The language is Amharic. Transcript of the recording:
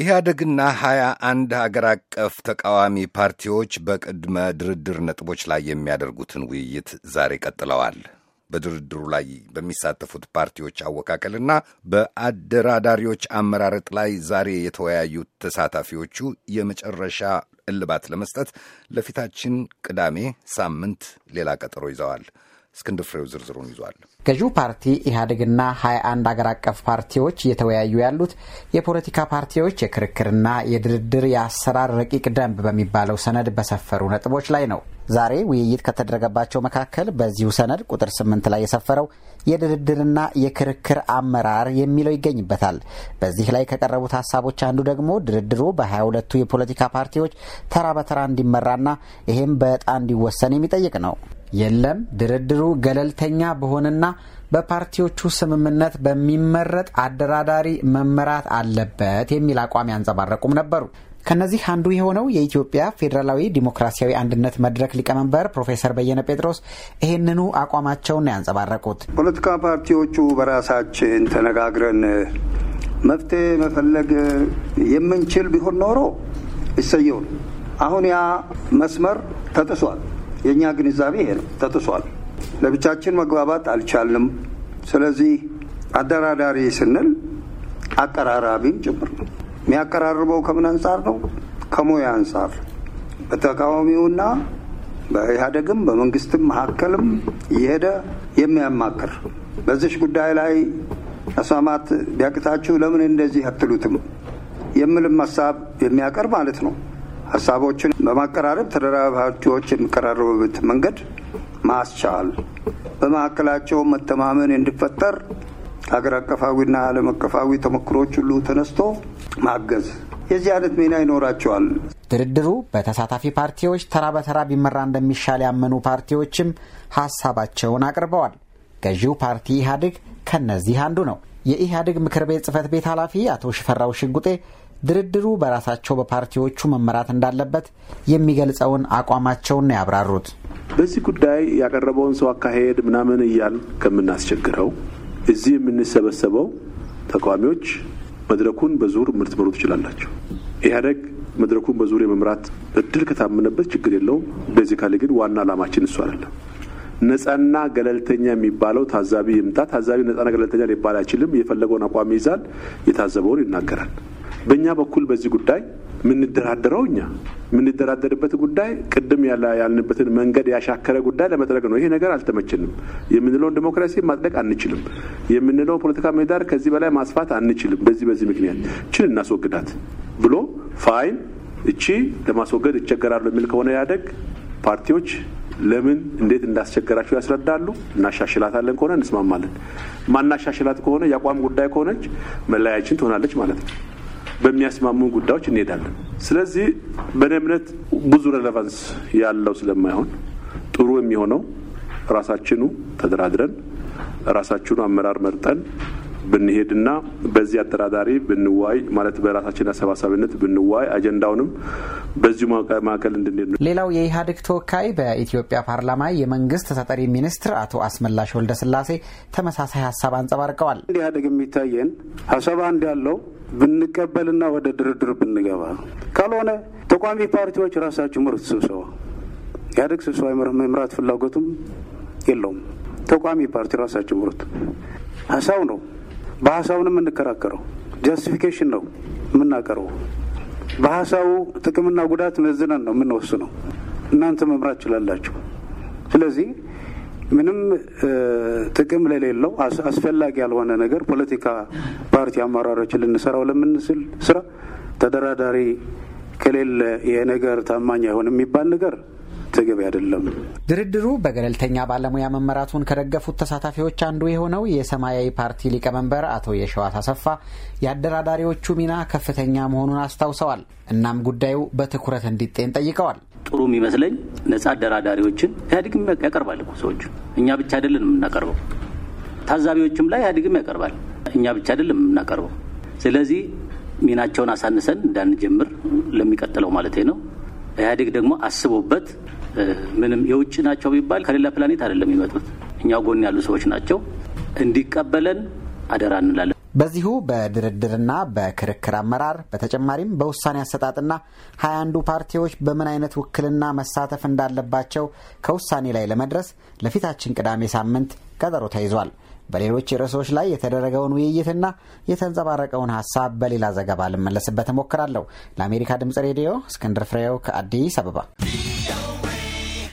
ኢህአደግና ሀያ አንድ ሀገር አቀፍ ተቃዋሚ ፓርቲዎች በቅድመ ድርድር ነጥቦች ላይ የሚያደርጉትን ውይይት ዛሬ ቀጥለዋል። በድርድሩ ላይ በሚሳተፉት ፓርቲዎች አወካከልና በአደራዳሪዎች አመራረጥ ላይ ዛሬ የተወያዩት ተሳታፊዎቹ የመጨረሻ እልባት ለመስጠት ለፊታችን ቅዳሜ ሳምንት ሌላ ቀጠሮ ይዘዋል። እስክንድር ፍሬው ዝርዝሩን ይዟል። ገዢው ፓርቲ ኢህአዴግና ሀያ አንድ አገር አቀፍ ፓርቲዎች እየተወያዩ ያሉት የፖለቲካ ፓርቲዎች የክርክርና የድርድር የአሰራር ረቂቅ ደንብ በሚባለው ሰነድ በሰፈሩ ነጥቦች ላይ ነው። ዛሬ ውይይት ከተደረገባቸው መካከል በዚሁ ሰነድ ቁጥር ስምንት ላይ የሰፈረው የድርድርና የክርክር አመራር የሚለው ይገኝበታል። በዚህ ላይ ከቀረቡት ሀሳቦች አንዱ ደግሞ ድርድሩ በሀያ ሁለቱ የፖለቲካ ፓርቲዎች ተራ በተራ እንዲመራና ይህም በእጣ እንዲወሰን የሚጠይቅ ነው። የለም ድርድሩ ገለልተኛ በሆነና በፓርቲዎቹ ስምምነት በሚመረጥ አደራዳሪ መመራት አለበት የሚል አቋም ያንጸባረቁም ነበሩ። ከነዚህ አንዱ የሆነው የኢትዮጵያ ፌዴራላዊ ዲሞክራሲያዊ አንድነት መድረክ ሊቀመንበር ፕሮፌሰር በየነ ጴጥሮስ ይህንኑ አቋማቸውን ያንጸባረቁት ፖለቲካ ፓርቲዎቹ በራሳችን ተነጋግረን መፍትሄ መፈለግ የምንችል ቢሆን ኖሮ ይሰየው። አሁን ያ መስመር ተጥሷል። የእኛ ግንዛቤ ይሄ ነው። ተጥሷል። ለብቻችን መግባባት አልቻልንም። ስለዚህ አደራዳሪ ስንል አቀራራቢም ጭምር ነው። የሚያቀራርበው ከምን አንጻር ነው? ከሙያ አንጻር በተቃዋሚውና በኢህአደግም በመንግስትም መካከልም እየሄደ የሚያማክር በዚሽ ጉዳይ ላይ መስማማት ቢያቅታችሁ ለምን እንደዚህ አትሉትም? የምልም ሀሳብ የሚያቀርብ ማለት ነው። ሀሳቦችን በማቀራረብ ተደራራቢ ፓርቲዎች የሚቀራረቡበት መንገድ ማስቻል፣ በመካከላቸው መተማመን እንዲፈጠር ሀገር አቀፋዊና ዓለም አቀፋዊ ተሞክሮች ሁሉ ተነስቶ ማገዝ የዚህ አይነት ሚና ይኖራቸዋል። ድርድሩ በተሳታፊ ፓርቲዎች ተራ በተራ ቢመራ እንደሚሻል ያመኑ ፓርቲዎችም ሀሳባቸውን አቅርበዋል። ገዢው ፓርቲ ኢህአዴግ ከነዚህ አንዱ ነው። የኢህአዴግ ምክር ቤት ጽህፈት ቤት ኃላፊ አቶ ሽፈራው ሽጉጤ ድርድሩ በራሳቸው በፓርቲዎቹ መመራት እንዳለበት የሚገልጸውን አቋማቸውን ነው ያብራሩት። በዚህ ጉዳይ ያቀረበውን ሰው አካሄድ ምናምን እያል ከምናስቸግረው እዚህ የምንሰበሰበው ተቃዋሚዎች መድረኩን በዙር ምልትመሩ ትችላላቸው። ኢህአዴግ መድረኩን በዙር የመምራት እድል ከታመነበት ችግር የለውም። ቤዚካሊ ግን ዋና ዓላማችን እሱ አይደለም። ነጻና ገለልተኛ የሚባለው ታዛቢ ይምጣ። ታዛቢ ነጻና ገለልተኛ ሊባል አይችልም። የፈለገውን አቋም ይዛል። የታዘበውን ይናገራል። በእኛ በኩል በዚህ ጉዳይ የምንደራደረው እኛ የምንደራደርበት ጉዳይ ቅድም ያልንበትን መንገድ ያሻከረ ጉዳይ ለመጥረግ ነው። ይሄ ነገር አልተመችንም የምንለውን ዲሞክራሲ ማጥለቅ አንችልም የምንለው ፖለቲካ ምህዳር ከዚህ በላይ ማስፋት አንችልም፣ በዚህ በዚህ ምክንያት ችን እናስወግዳት ብሎ ፋይን እቺ ለማስወገድ ይቸገራሉ የሚል ከሆነ ያደግ ፓርቲዎች ለምን እንዴት እንዳስቸገራቸው ያስረዳሉ። እናሻሽላታለን ከሆነ እንስማማለን። ማናሻሽላት ከሆነ የአቋም ጉዳይ ከሆነች መለያችን ትሆናለች ማለት ነው። በሚያስማሙን ጉዳዮች እንሄዳለን። ስለዚህ በእኔ እምነት ብዙ ሬሌቫንስ ያለው ስለማይሆን ጥሩ የሚሆነው ራሳችኑ ተደራድረን ራሳችኑ አመራር መርጠን ብንሄድና በዚህ አደራዳሪ ብንዋይ ማለት በራሳችን አሰባሳቢነት ብንዋይ አጀንዳውንም በዚሁ ማዕከል እንድንሄድ ነው። ሌላው የኢህአዴግ ተወካይ በኢትዮጵያ ፓርላማ የመንግስት ተጠሪ ሚኒስትር አቶ አስመላሽ ወልደስላሴ ተመሳሳይ ሀሳብ አንጸባርቀዋል። ኢህአዴግ የሚታየን ሀሳብ አንድ ያለው ብንቀበልና ወደ ድርድር ብንገባ ካልሆነ ተቋሚ ፓርቲዎች ራሳቸሁ ምርት ስብሰባ ኢህአዴግ ስብሰባ መምራት ፍላጎቱም የለውም። ተቋሚ ፓርቲ ራሳቸው ምርት ሀሳብ ነው በሀሳቡ ነው የምንከራከረው። ጃስቲፊኬሽን ነው የምናቀርበው። በሀሳቡ ጥቅምና ጉዳት መዝነን ነው የምንወስነው። እናንተ መምራት ችላላችሁ። ስለዚህ ምንም ጥቅም ለሌለው አስፈላጊ ያልሆነ ነገር ፖለቲካ ፓርቲ አመራሮችን ልንሰራው ለምንስል ስራ ተደራዳሪ ከሌለ ይሄ ነገር ታማኝ አይሆንም የሚባል ነገር ተገቢ አይደለም። ድርድሩ በገለልተኛ ባለሙያ መመራቱን ከደገፉት ተሳታፊዎች አንዱ የሆነው የሰማያዊ ፓርቲ ሊቀመንበር አቶ የሸዋት አሰፋ የአደራዳሪዎቹ ሚና ከፍተኛ መሆኑን አስታውሰዋል። እናም ጉዳዩ በትኩረት እንዲጤን ጠይቀዋል። ጥሩ የሚመስለኝ ነጻ አደራዳሪዎችን ኢህአዴግም ያቀርባል እኮ ሰዎች፣ እኛ ብቻ አይደለን የምናቀርበው። ታዛቢዎችም ላይ ኢህአዴግም ያቀርባል፣ እኛ ብቻ አይደለም የምናቀርበው። ስለዚህ ሚናቸውን አሳንሰን እንዳንጀምር ለሚቀጥለው ማለት ነው። ኢህአዴግ ደግሞ አስቦበት ምንም የውጭ ናቸው ቢባል ከሌላ ፕላኔት አይደለም የሚመጡት እኛው ጎን ያሉ ሰዎች ናቸው። እንዲቀበለን አደራ እንላለን። በዚሁ በድርድርና በክርክር አመራር በተጨማሪም በውሳኔ አሰጣጥና ሀያ አንዱ ፓርቲዎች በምን አይነት ውክልና መሳተፍ እንዳለባቸው ከውሳኔ ላይ ለመድረስ ለፊታችን ቅዳሜ ሳምንት ቀጠሮ ተይዟል። በሌሎች ርዕሶች ላይ የተደረገውን ውይይትና የተንጸባረቀውን ሀሳብ በሌላ ዘገባ ልመለስበት እሞክራለሁ። ለአሜሪካ ድምጽ ሬዲዮ እስክንድር ፍሬው ከአዲስ አበባ